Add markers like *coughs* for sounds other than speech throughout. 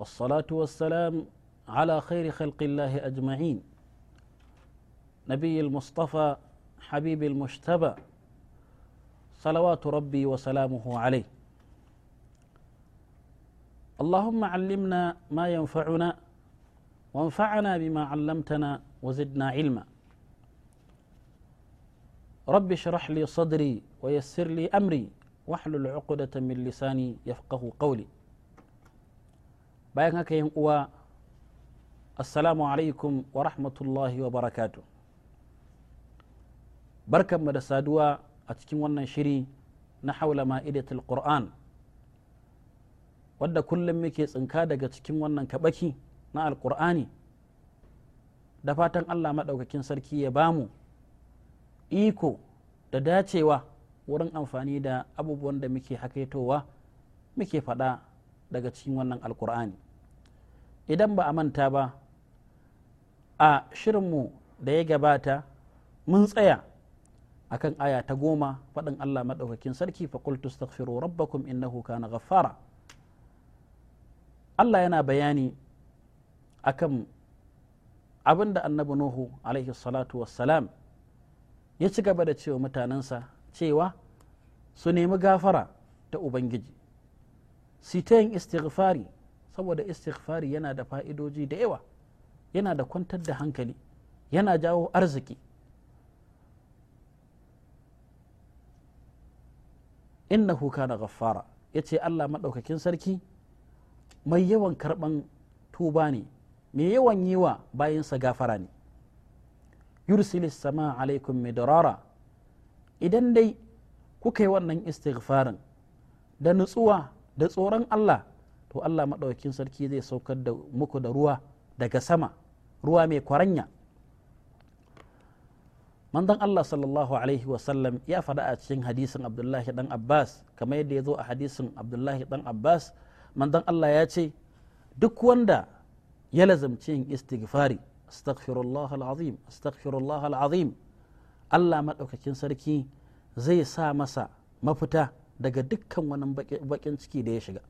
والصلاة والسلام على خير خلق الله أجمعين نبي المصطفى حبيب المجتبى صلوات ربي وسلامه عليه اللهم علمنا ما ينفعنا وانفعنا بما علمتنا وزدنا علما رب اشرح لي صدري ويسر لي أمري واحلل عقدة من لساني يفقه قولي bayan haka yin uwa assalamu alaikum wa rahmatullahi wa barakatu barkanmu da saduwa a cikin wannan shiri na haula ma'idatul qur'an wadda kullum muke tsinka daga cikin wannan kabaki na alqur'ani da fatan allah maɗaukakin sarki ya bamu iko da dacewa wurin amfani da abubuwan da muke hakaitowa muke faɗa daga cikin wannan alkur'ani idan ba a manta ba a shirinmu da ya gabata mun tsaya a kan aya ta goma faɗin allah maɗaukakin sarki faƙultu astaghfiru rabbakum innahu kana ghaffara allah yana bayani akan abin da annabi nuhu alaihi salatu wassalam ya ci gaba da cewa mutanensa cewa su nemi gafara ta ubangiji Sitayin istighfari saboda istighfari yana da fa'idoji da yawa yana da kwantar da hankali yana jawo arziki Inna na kana ghaffara yace Allah maɗaukakin sarki mai yawan karɓan tuba ne mai yawan yi wa bayansa gafara ne yursilis sama alaikum midarara idan dai kuka yi wannan istighfarin da nutsuwa da tsoron Allah to Allah maɗaukin sarki zai saukar da muku da ruwa daga sama ruwa mai kwaranya manzon Allah sallallahu alaihi wasallam ya fada a cikin hadisin Abdullahi dan Abbas kamar yadda ya zo a hadisin Abdullahi dan Abbas manzon Allah ya ce duk wanda ya lazamci yin istighfari astaghfirullah alazim astaghfirullah alazim Allah madaukakin sarki zai sa masa mafita daga dukkan wani bakin ciki da ya shiga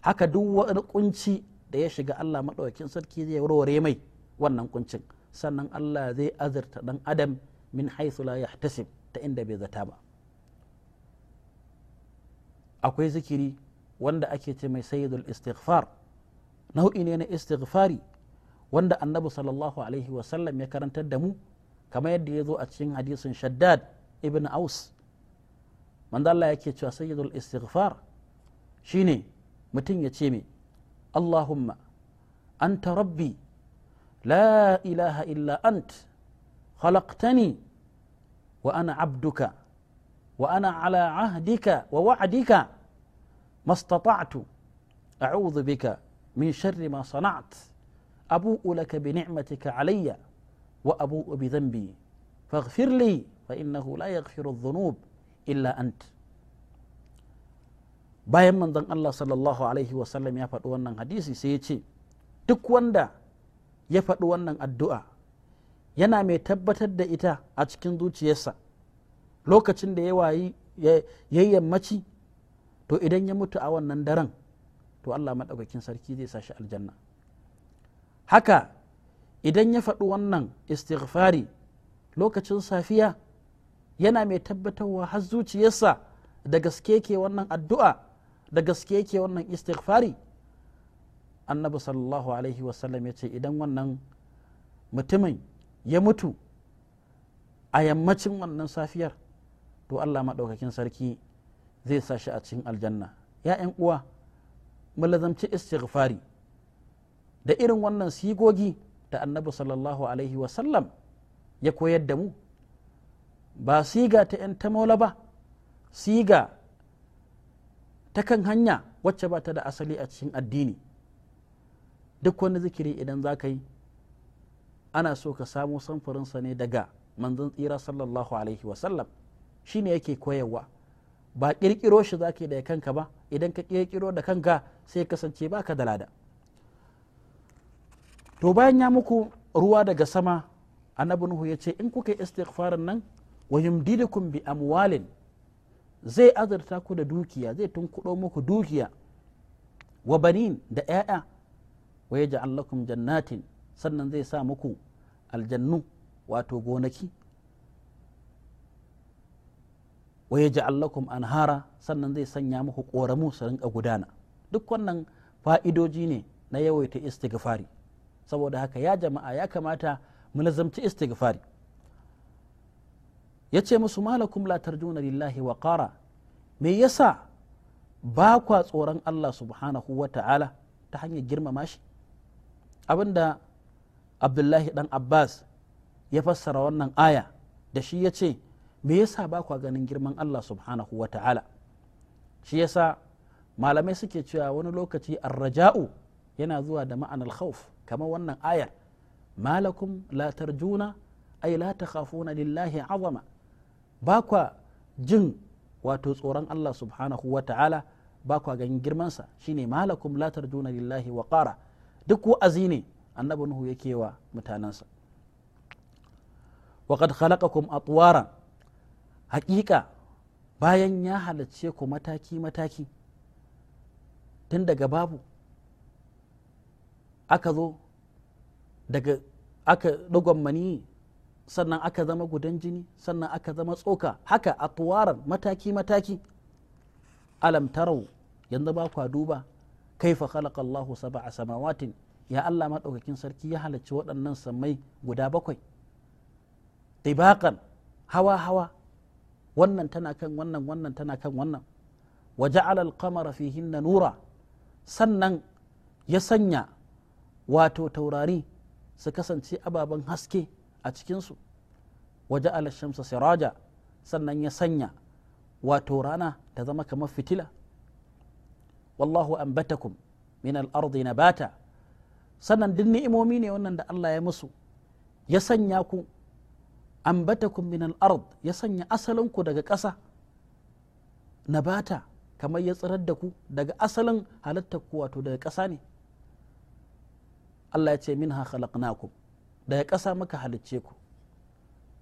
haka duk wani kunci da ya shiga Allah maɗaukin sarki zai warware mai wannan kuncin sannan Allah zai azurta dan adam min haisu la yahtasib ta inda bai zata ba akwai zikiri wanda ake ce mai sayyidul istighfar nau'i ne na istighfari wanda annabi sallallahu alaihi wasallam ya karantar da mu kamar yadda ya zo a cikin hadisin shaddad ibn aus من الله يكي سيد الاستغفار شيني متن يتيمي اللهم أنت ربي لا إله إلا أنت خلقتني وأنا عبدك وأنا على عهدك ووعدك ما استطعت أعوذ بك من شر ما صنعت أبوء لك بنعمتك علي وأبوء بذنبي فاغفر لي فإنه لا يغفر الذنوب illa ant bayan manzon Allah sallallahu alaihi wasallam ya faɗi wannan hadisi sai ya ce duk wanda ya faɗi wannan addu'a yana mai tabbatar da ita a cikin zuciyarsa lokacin da ya wayi yammaci to idan ya mutu a wannan daren to Allah maɗaukakin sarki zai sa shi aljanna haka idan ya faɗi wannan istighfari lokacin safiya yana mai tabbatarwa har zuciyarsa da gaske ke wannan addu'a da gaske ke wannan istighfari annabi sallallahu alaihi wasallam ya ce idan wannan mutumin ya mutu a yammacin wannan safiyar to allah maɗaukakin sarki zai sa shi a cikin aljanna ‘ya'yan uwa mu istighfari da irin wannan sigogi da annabi sallallahu alaihi wasallam ya koyar da mu ba siga ta 'yan ta ba siga ta kan hanya wacce ba ta da asali a cikin addini duk wani zikiri idan za ka yi ana so ka samo samfurinsa ne daga manzon tsira sallallahu alaihi wasallam shi ne yake koyarwa ba ƙirƙiro shi za ka yi da kanka ba idan ka ƙirƙiro da kanka sai kasance ba ka da lada to bayan ya muku ruwa daga sama annabi nuhu ya ce in kuka yi istighfarin nan wa yumdidukum bi amwalin zai azurta ku da dukiya zai tunkuɗo muku dukiya wa banin da 'ya'ya wa ya ja'allakum jannatin sannan zai sa muku aljannu wato gonaki wa ya ja'allakum anhara sannan zai sanya muku ƙoramu su rinka gudana duk wannan fa'idoji ne na yawaita istighfari saboda haka ya jama'a ya kamata mu lazamci istighfari ya ce musu malakum la tarjuna lillahi wa me yasa ba kwa tsoron Allah subhanahu wa ta'ala ta hanyar girmama shi abinda abdullahi dan abbas ya fassara wannan aya da shi ya ce me yasa ba kwa ganin girman Allah subhanahu wa ta'ala shi yasa malamai suke cewa wani lokaci arraja'u yana zuwa da ma'anar khawf kamar wannan ayar malakum la tarjuna ay la takhafuna lillahi azama ba kwa jin wato tsoron Allah subhanahu wa ta'ala ba kwa ganin girmansa shine malakum la tarjuna lillahi wa qara duk wa'azi ne annabi nuhu yake wa mutanansa wa qad khalaqakum atwara haqiqa bayan ya halicce ku mataki mataki tun daga babu aka zo daga aka dugon maniyi sannan aka zama gudan jini sannan aka zama tsoka haka a tuwaran mataki-mataki alamtarau yanzu ba kwa duba kaifa khalaqa Allahu sab'a samawatin ya Allah madaukakin sarki ya halarci waɗannan sammai guda bakwai tibaqan hawa hawa wannan tana kan wannan wannan tana kan wannan wa ja'ala al-qamara fihinna nura sannan ya sanya wato taurari su kasance ababen haske a cikinsu waje alashamsa siraja sannan ya sanya wato rana ta zama kamar fitila wallahu ambatakum min al'ardi bata? sannan duk ni'imomi ne wannan da Allah ya musu ya sanya ku ambatakum min al'ard ya sanya asalinku daga ƙasa nabata kamar ya tsirar da ku daga asalin halittar ku wato daga ƙasa ne Allah ya ce min minha ku. daga kasa muka halicce ku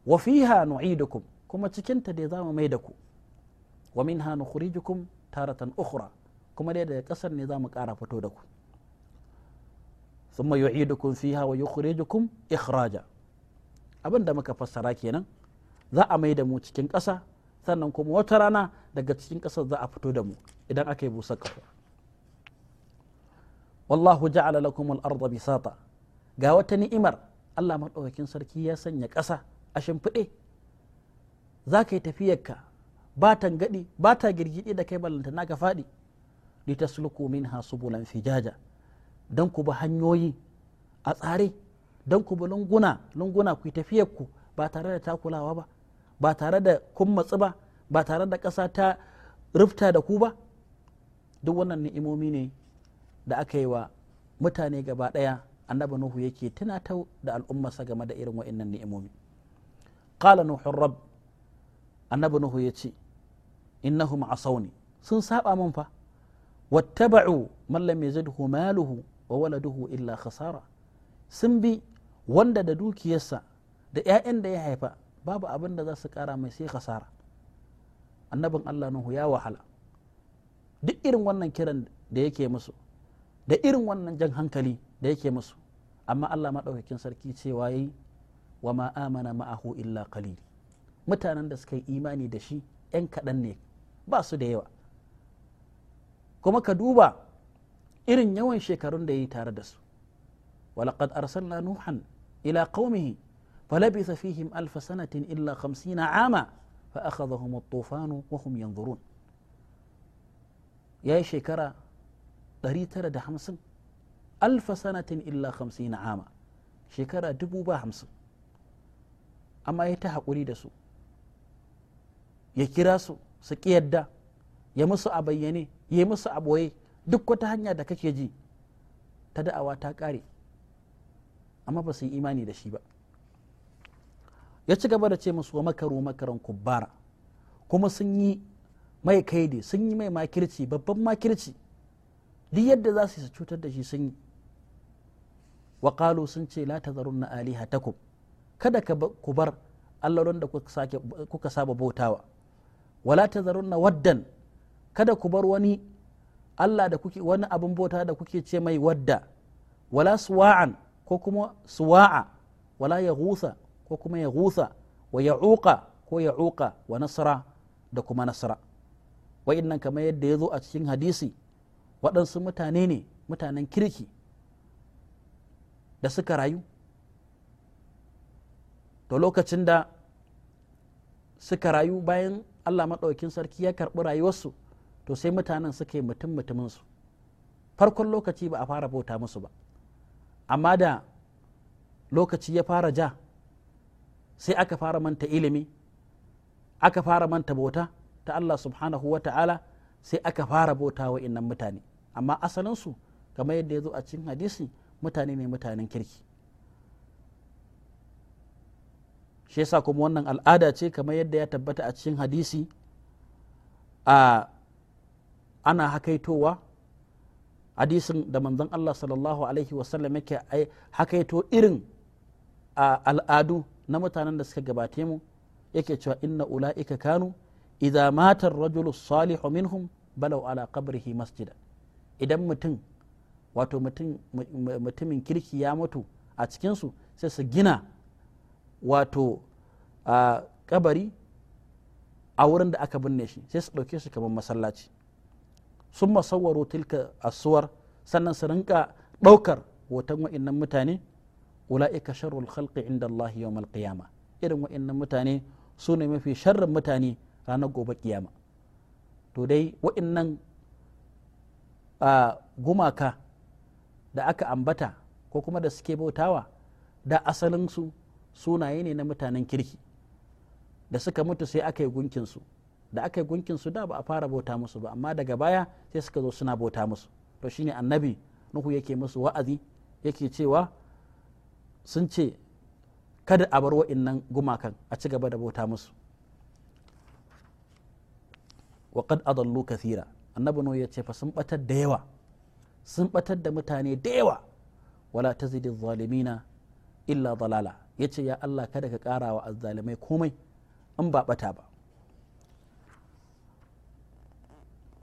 wa fiha nu'idukum kuma cikin ta dai zamu mai da ku wa minha nukhrijukum taratan ukhra kuma dai daga ƙasar ne zamu ƙara fito da ku thumma yu'idukum fiha wa yukhrijukum ikhraja abin da muka fassara kenan za a mai da mu cikin ƙasa sannan kuma wata rana daga cikin ƙasar za a fito da mu idan aka yi busar wallahu ja'ala lakum al-ardha bisata ga wata ni'imar Allah maɗaukakin sarki ya sanya ƙasa a shimfiɗe za ka yi tafiyarka ba tangaɗi ba ta girgiɗi da kai ballanta na ka faɗi ha su subulan fijaja don ku bi hanyoyi a tsare don ku bi lunguna lunguna ku yi tafiyarku ba tare da takulawa ba ba tare da kun matsi ba ba tare da ƙasa ta rufta da ku ba duk wannan ni'imomi ne da aka yi wa mutane gaba ɗaya annabi nuhu yake tunatau da al'ummarsa game da irin wa'annan ni'imomi qala nuhun rabb annabi nuhu yace innahum asawni sun saba min fa wattaba'u man lam yazidhu maluhu wa waladuhu illa khasara sun bi wanda da dukiyarsa da 'ya'yan da ya haifa babu abin da za su kara mai sai khasara annabin Allah Nuhu ya wahala duk irin wannan kiran da yake musu da irin wannan jan hankali da yake musu amma Allah maɗaukakin sarki cewa yayi wa ma amana ma'ahu illa qalil mutanen da suka yi imani da shi 'yan kaɗan ne ba su da yawa kuma ka duba irin yawan shekarun da ya yi tare da su walaƙad arsalna nuhan ila qaumihi falabitha fihim alfa sanatin illa khamsina ama fa akhadhahum at-tufanu wa hum yanzurun yayi shekara 950 alfa sanatin illa hamsin ama shekara dubu ba hamsin amma ya ta haƙuri da su ya kira su su ƙi ya musu a bayyane ya yi musu a ɓoye duk wata hanya da kake ji ta da'awa ta ƙare amma ba su yi imani da shi ba ya ci gaba da ce musu wa makaro makaran kubbara kuma sun yi mai kaidi sun yi mai makirci babban makirci duk yadda za su cutar da shi sun yi wa sun ce la tazarunna alihatakum kada ku bar allolin da kuka saba bautawa wala tazarunna waddan kada ku bar wani Allah da kuke wani abin bota da kuke ce mai wadda wala suwa'an ko kuma suwa'a wala ya ko kuma ya wa ya ko ya wa nasara da kuma nasara wa'innan kamar yadda ya zo a cikin hadisi waɗansu mutane ne mutanen kirki da suka rayu to lokacin da suka rayu bayan allah maɗaukin sarki ya karɓi rayuwarsu to sai mutanen suka yi mutum mutuminsu farkon lokaci ba a fara bauta musu ba amma da lokaci ya fara ja sai aka fara manta ilimi aka fara manta bauta ta allah subhanahu wa ta'ala sai aka fara bauta wa innan mutane amma asalinsu kamar yadda ya zo a cikin hadisi mutane ne mutanen kirki shi yasa kuma wannan al'ada ce kamar yadda ya tabbata a cikin hadisi a ana hakaitowa hadisin da manzon Allah sallallahu alaihi wasallam yake hakaito irin al'adu na mutanen da suka gabate mu yake cewa inna ula'ika kanu iza matar rajulu salihu minhum balau ala qabrihi masjida idan mutum wato mutumin kirki ya mutu a cikinsu sai su gina wato a kabari a wurin da aka binne shi sai su ɗauke shi kamar masallaci sun masawaro tilka asuwar sannan su rinka ɗaukar hoton wa'innan mutane ula'ika sharrul khalqi inda Allah yawmal qiyama irin wa'innan mutane su ne mafi sharrin mutane ranar gobe ƙiyama to dai wa'innan gumaka da aka ambata ko kuma da suke bautawa da asalinsu sunaye ne na mutanen kirki da suka mutu sai aka yi gunkinsu da aka yi gunkinsu da ba a fara bauta musu ba amma daga baya sai suka zo suna bauta musu to shine annabi nuhu yake musu wa'azi yake cewa sun ce kada a bar wa'innan gumakan a ci gaba da bauta musu wa qad adallu kathira annabi nuhu ya ce fa sun batar da yawa sun batar da mutane da yawa wala tazidi zalimina illa dalala yace ya Allah kada ka kara wa azzalimai komai in ba bata ba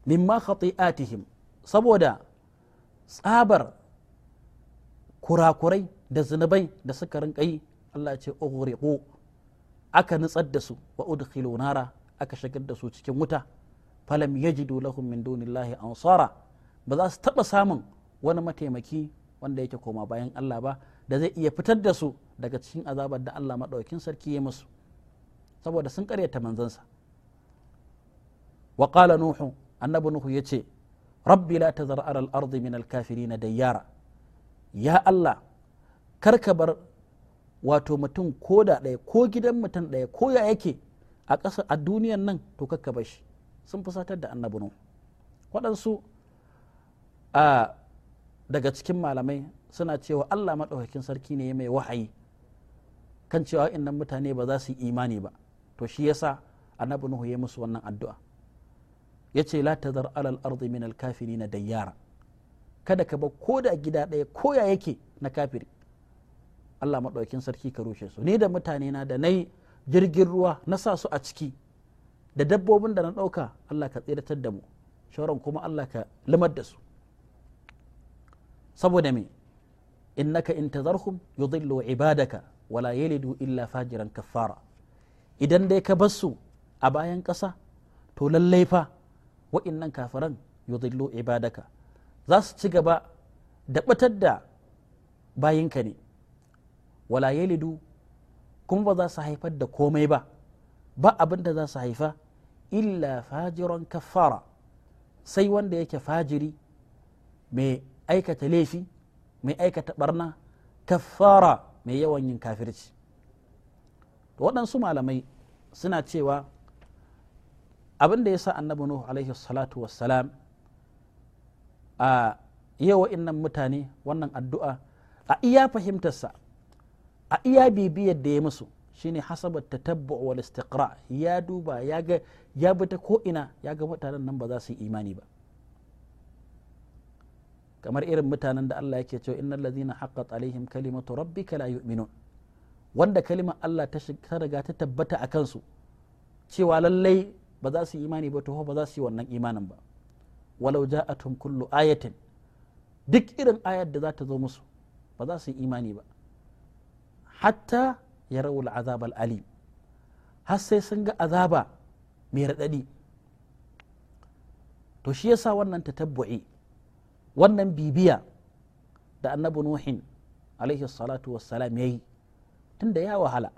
mimma khati'atihim saboda tsabar kurakurai da zunubai da suka rinka yi Allah ce ughriqu aka nutsar da su wa udkhilu nara aka shigar da su cikin wuta falam yajidu lahum min dunillahi ansara ba za su taɓa samun wani mataimaki wanda yake koma bayan Allah ba da zai iya fitar da su daga cikin azabar da Allah maɗaukin sarki ya musu saboda sun ƙaryata manzansa wa qala nuhu annabi nuhu ce, rabbi la tazar ala al-ardi min al-kafirin dayyara ya Allah kar ka bar wato mutum ko da ɗaya ko gidan mutum ɗaya ko ya yake a ƙasa a duniyan nan to kakka bar shi sun fusatar da annabi nuhu waɗansu a daga cikin malamai suna cewa Allah maɗaukakin sarki ne mai wahayi kan cewa innan mutane ba za su yi imani ba to shi yasa annabi nuhu ya musu wannan addu'a ya ce la tazar alal ardi min al na dayyara kada ka ba ko da gida ɗaya ko ya yake na kafiri Allah maɗaukakin sarki ka rushe su ni da mutane na da nai jirgin ruwa na sa su a ciki da dabbobin da na ɗauka Allah ka tsiratar da mu shauran kuma Allah ka limar da su saboda me innaka in tazarhum yudhillu ibadaka wala yalidu illa fajiran kaffara idan dai ka bar a bayan ƙasa to lallai fa wa'innan kafiran yudhillu ibadaka za su ci gaba da batar da bayinka ne wala yalidu kuma ba za su haifar da komai ba ba abin da za su haifa illa fajiran kaffara sai wanda yake fajiri mai aikata laifi mai aikata barna kaffara mai yawan yin kafirci waɗansu malamai suna cewa abin da ya sa annabi nuhu alaihi salatu wassalam a yawa innan mutane wannan addu'a a iya fahimtarsa a iya bibiyar da ya musu shine hasabar tatabbu wal istiqra ya duba ya ga ya bi ta ko ina ya ga mutanen nan ba za su yi imani ba kamar irin mutanen da Allah yake cewa innal ladhina haqqat alaihim kalimatu rabbika la yu'minun wanda kalimar Allah ta riga ta tabbata a kansu cewa lallai ba za su yi imani ba to ba za su yi wannan imanin ba walau tun kullu ayatin duk irin ayar da za ta zo musu ba za su yi imani ba hatta ya rawul azab alim har sai sun ga azaba mai radadi to shi yasa wannan ta tabbaci. wannan bibiya da annabi nuhin alaihi salatu wassalam ya yi tun da ya wahala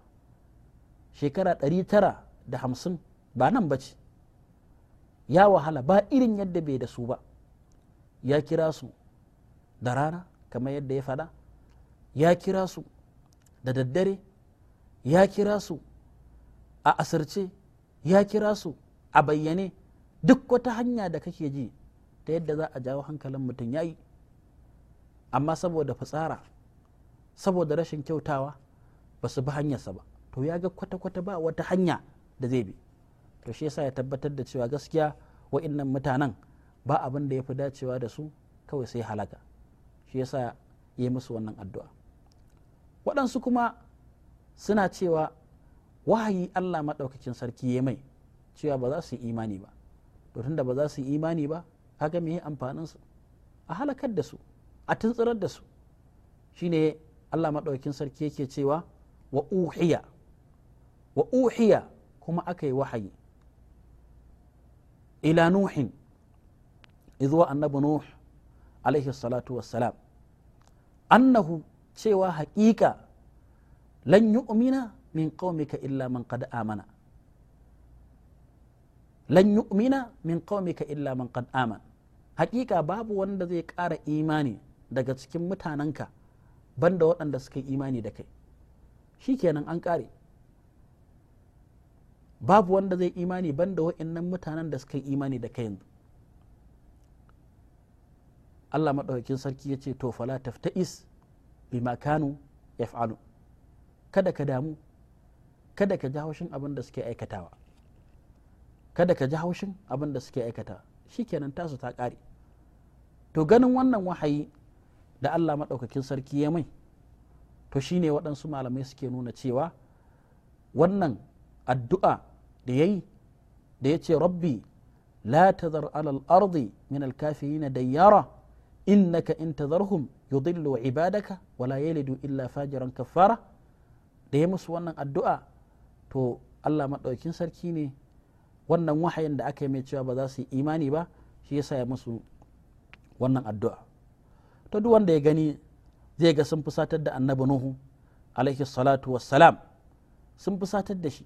shekara ɗari tara da hamsin ba nan ba ce ya wahala ba irin yadda bai da su ba ya kira su da rana kamar yadda ya faɗa ya kira su da daddare ya kira su a asirce ya kira su a bayyane duk wata hanya da kake ji ta yadda za a jawo hankalin mutum ya yi amma saboda fitsara saboda rashin kyautawa ba su bi hanyarsa ba to ya ga kwata-kwata ba wata hanya da zai bi to shi yasa ya tabbatar da cewa gaskiya wa'innan mutanen ba abin da ya fi dacewa da su kawai sai halaka shi yasa ya yi musu wannan addu'a waɗansu kuma suna cewa wahayi Allah maɗaukacin sarki ya mai cewa ba za su yi imani ba to tunda ba za su yi imani ba kaga me amfanin su a halakar da su a tuntsirar da su shine Allah maɗaukin sarki yake cewa wa uhiya wa uhiya kuma aka yi wahayi ila nuhin izuwa annabi nuh alaihi salatu wassalam annahu cewa haƙiƙa lan yu'mina min qaumika illa man qad amana lan yu'mina min qaumika illa man qad amana hakika babu wanda zai ƙara imani daga cikin mutanenka banda waɗanda suka yi imani da kai shikenan an kare babu wanda zai imani banda waɗannan mutanen da suka yi imani da kai yanzu Allah maɗaukakin sarki ya ce to fala tafta'is bima kanu yaf'alu kada ka damu kada ka ji haushin abin suke aikatawa kada ka ji haushin abin da suke aikatawa shikenan tasu ta ƙare to ganin wannan wahayi da Allah maɗaukakin sarki ya mai to shine waɗansu malamai suke nuna cewa wannan addu'a da ya yi da ya ce rabbi la tazar alal arzi min da dayyara innaka in tazarhum yudillu ibadaka wala yalidu illa fajiran kafara da ya musu wannan addu'a to Allah maɗaukin sarki ne wannan wahayin da aka yi mai cewa ba za su yi imani ba shi yasa ya musu wannan addu'a to duk wanda ya gani zai ga sun fusatar da annabi nuhu alaihi salatu wassalam sun fusatar da shi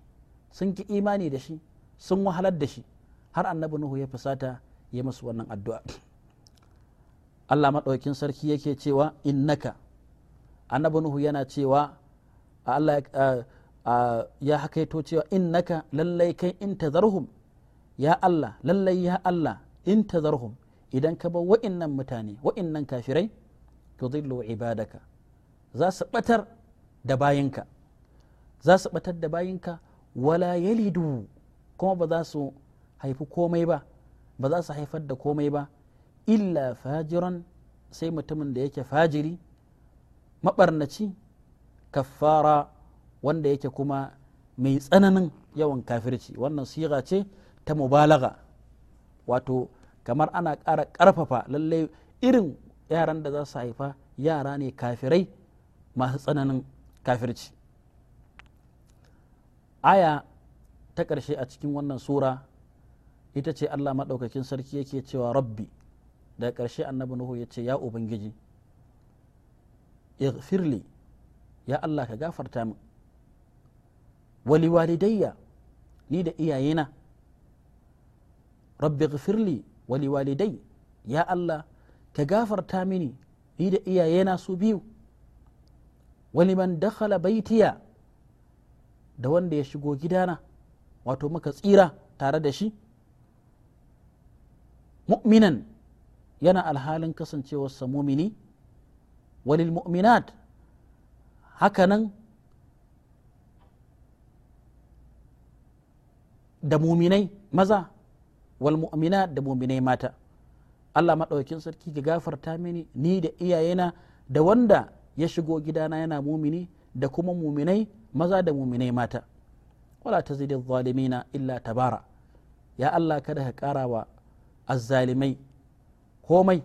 sun ki imani da shi sun wahalar da shi har annabi nuhu ya fusata ya musu wannan addu'a *coughs* Allah maɗaukin sarki yake cewa innaka annabi nuhu yana cewa Allah ya hakaito cewa innaka lallai kai in tazarhum ya Allah lallai ya Allah in tazarhum idan ka bar wa'innan mutane wa'innan kafirai tudillu ibadaka za su batar da bayinka za su batar da bayinka wala yalidu kuma ba za su haifi komai ba ba za su haifar da komai ba illa fajiran sai mutumin da yake fajiri maɓarnaci kaffara wanda yake kuma mai tsananin yawan kafirci wannan siga ce ta mubalaga wato kamar ana ƙara ƙarfafa lallai irin yaran da za su haifa yara ne kafirai masu tsananin kafirci aya ta ƙarshe a cikin wannan sura ita ce allah maɗaukakin sarki yake cewa rabbi da ƙarshe annabi nuhu ya ce ya ubangiji firli ya allah ka gafarta min wali walidayya ni da iyayena rabbi ghafirli wali walidai ya Allah ka gafarta mini ni da iyayena su biyu wani man dakhala baitiya da wanda ya shigo gidana wato muka tsira tare da shi mu'minan yana alhalin kasancewarsa mumini walil mu'minat hakanan da muminai maza wal da mu'minai mata Allah maɗaukin sarki ga gafarta mini ni da iyayena da wanda ya shigo gidana yana mumini da kuma muminai maza da muminai mata wala tazidil zalimina illa tabara ya Allah kada ka kara wa azzalimai komai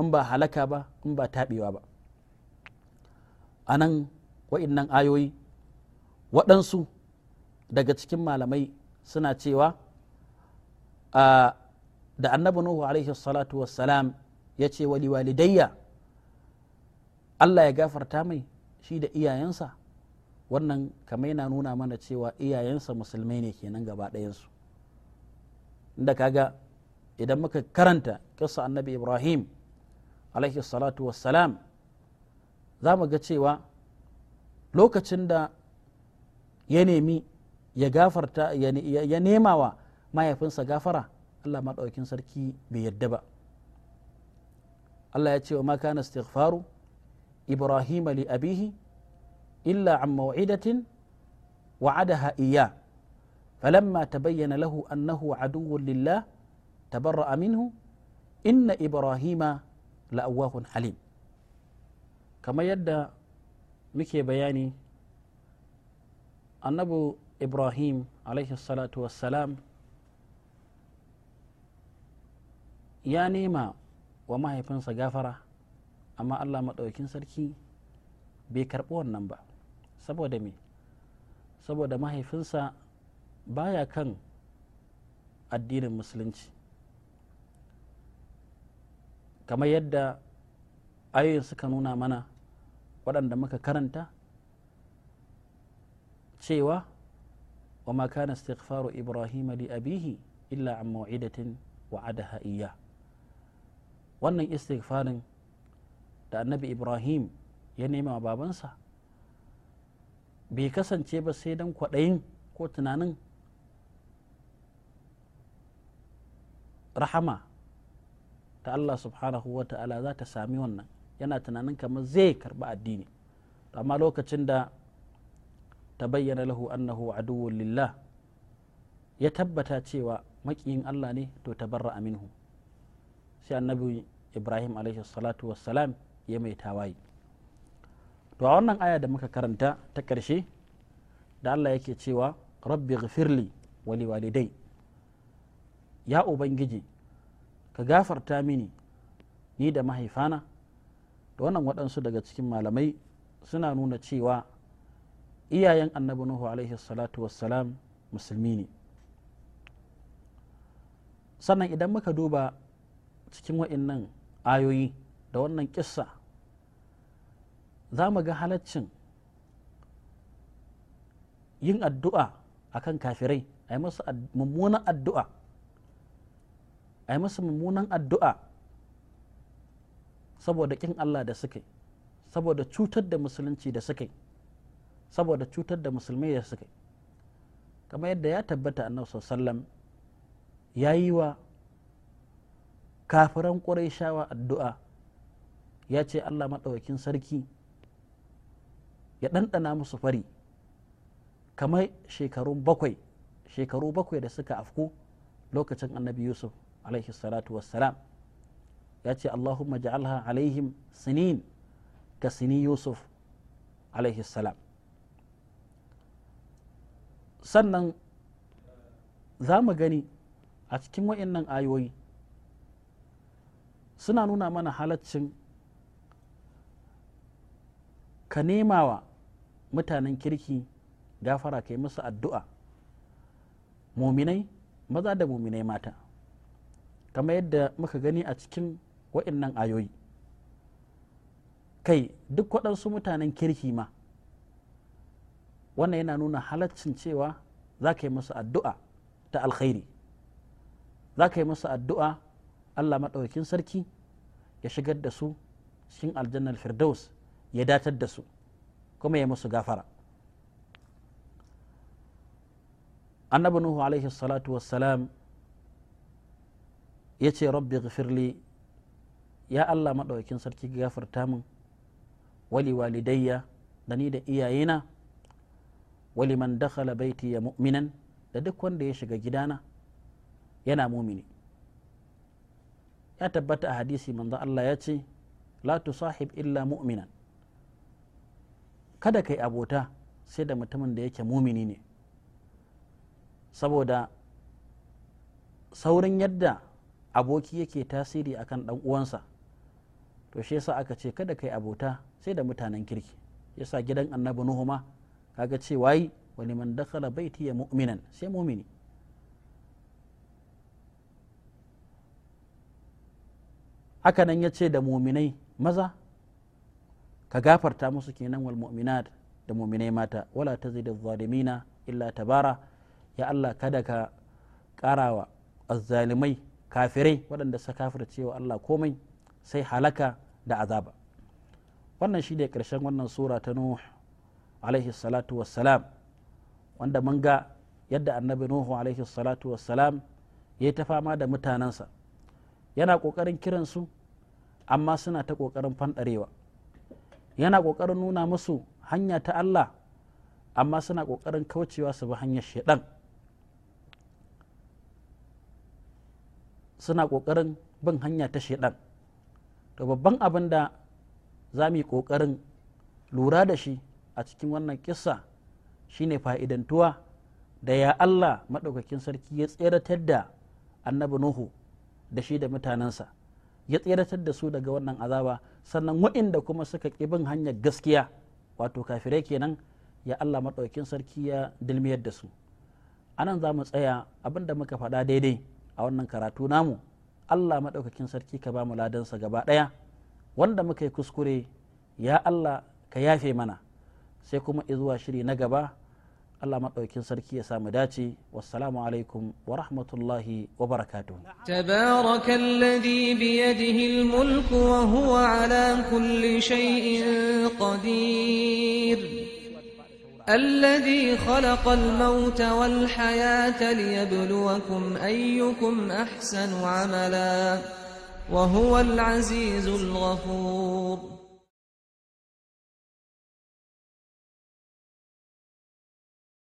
in ba halaka ba in ba taɓewa ba a nan wa'innan ayoyi waɗansu daga cikin malamai suna cewa da annabi nuhu alaihi salatu wassalam ya ce wali walidayya Allah ya gafarta mai shi da iyayensa wannan kamar yana nuna mana cewa iyayensa musulmai ne kenan gaba ɗayansu inda kaga idan muka karanta kisa annabi ibrahim alaihi salatu wassalam za mu ga cewa lokacin da ya nemi ya gafarta ya nema wa mahaifinsa gafara Allah maɗaukin sarki bai yadda ba Allah ya ce wa maka na istighfaru Ibrahim li abihi illa an maw'idatin wa'adaha iya falamma tabayyana lahu annahu aduwwun lillah tabarra'a minhu inna Ibrahima la'awwahun halim kamar yadda muke bayani annabu Ibrahim alaihi salatu wassalam ya nema wa mahaifinsa gafara amma allah maɗaukin sarki bai karɓi wannan ba saboda me saboda mahaifinsa baya kan addinin musulunci kamar yadda ayoyin suka nuna mana waɗanda muka karanta cewa wa ma kana istighfaru ibrahim li abihi illa an mau'idatin wa'adaha iyyah wannan istighfarin da annabi ibrahim ya nema babansa bai kasance ba sai don kwaɗayin ko tunanin rahama ta Allah subhanahu wa ta'ala za ta sami wannan yana tunanin kamar zai karɓi addini amma lokacin da ta bayyana lahu annahu aduwwun lillah ya tabbata cewa maƙiyin Allah ne to ta barra aminhu sai annabi ibrahim alaihi salatu wassalam ya mai tawaye to a wannan aya da muka karanta ta ƙarshe da allah yake cewa rabbi ghafirli wali walidai ya ubangiji ka gafarta mini ni da mahaifana da wannan waɗansu daga cikin malamai suna nuna cewa iyayen annabi nuhu alaihi salatu wassalam musulmi ne sannan idan muka duba cikin wa'innan ayoyi da wannan kissa za mu ga halaccin yin addu'a a kan kafirai a yi masu mummunan addu'a a yi masu mummunan addu'a saboda ƙin Allah da suka saboda cutar da musulunci da suka saboda cutar da musulmai da suka kamar yadda ya tabbata annabi sallam ya yi wa kafiran shawa addu'a ya ce Allah maɗaukin sarki ya ɗanɗana musu fari kamar shekaru bakwai shekaru bakwai da suka afku lokacin annabi yusuf alaihi salatu wassalam ya ce allahumma ja'alha alaihim sinin ka sini yusuf alaihi salam sannan za mu gani a cikin nan ayoyi suna nuna mana halaccin ka nemawa mutanen kirki gafara kai musu addu'a muminai maza da muminai mata kamar yadda muka gani a cikin wa'innan ayoyi kai duk waɗansu mutanen kirki ma wannan yana nuna halaccin cewa za ka yi musu addu'a ta alkhairi za ka yi musu addu'a Allah maɗaukakin sarki ya shigar da su cikin aljannar firdaus ya datar da su kuma ya musu gafara annabi nuhu alaihi salatu wassalam ya ce rabbi ghafirli ya Allah maɗaukin sarki gafarta min wali walidayya da ni da iyayena wali man dakhala baiti ya mu'minan da duk wanda ya shiga gidana yana mumini ya tabbata a hadisi manzo Allah ya ce la sahib illa mu'minan kada kai abota sai da mutumin da yake mumini ne saboda saurin yadda aboki yake tasiri akan dan uwansa to shi yasa aka ce kada kai abota sai da mutanen kirki yasa gidan annabi nuhu ma kaga ce wayi wani man dakhala baiti ya mu'minan sai mumini haka nan ya ce da muminai maza ka gafarta musu kenan wal mu'minat da muminai mata wala ta da zalimina illa tabara ya Allah kada ka karawa azzalimai kafirai waɗanda suka kafir cewa Allah komai sai halaka da azaba wannan shi ne ƙarshen wannan sura ta nuh alaihi salatu wassalam wanda mun ga yadda annabi nuhu alaihi salatu wassalam ya yi ta fama da mutanensa yana ƙoƙarin kiransu amma suna ta ƙoƙarin fanɗarewa yana ƙoƙarin nuna musu hanya ta Allah amma suna ƙoƙarin kaucewa su bi hanyar shaiɗan suna ƙoƙarin bin hanya ta shaɗan to babban abin da za mu yi ƙoƙarin lura da shi a cikin wannan kissa shine fa'idantuwa da ya Allah maɗaukakin sarki ya tseratar da annabi Nuhu da shi da mutanensa ya tseratar da su daga wannan azaba sannan wa'inda kuma suka ki bin hanyar gaskiya wato kafirai kenan ya Allah maɗaukin sarki ya dilmiyar da su a nan za mu tsaya abin da muka faɗa daidai a wannan karatu namu Allah maɗaukakin sarki ka ba mu ladansa gaba ɗaya wanda muka yi kuskure ya Allah ka yafe mana sai kuma izuwa shiri na gaba الله مدوكين سركي يا سامداتي والسلام عليكم ورحمة الله وبركاته تبارك الذي بيده الملك وهو على كل شيء قدير الذي خلق الموت والحياة ليبلوكم أيكم أحسن عملا وهو العزيز الغفور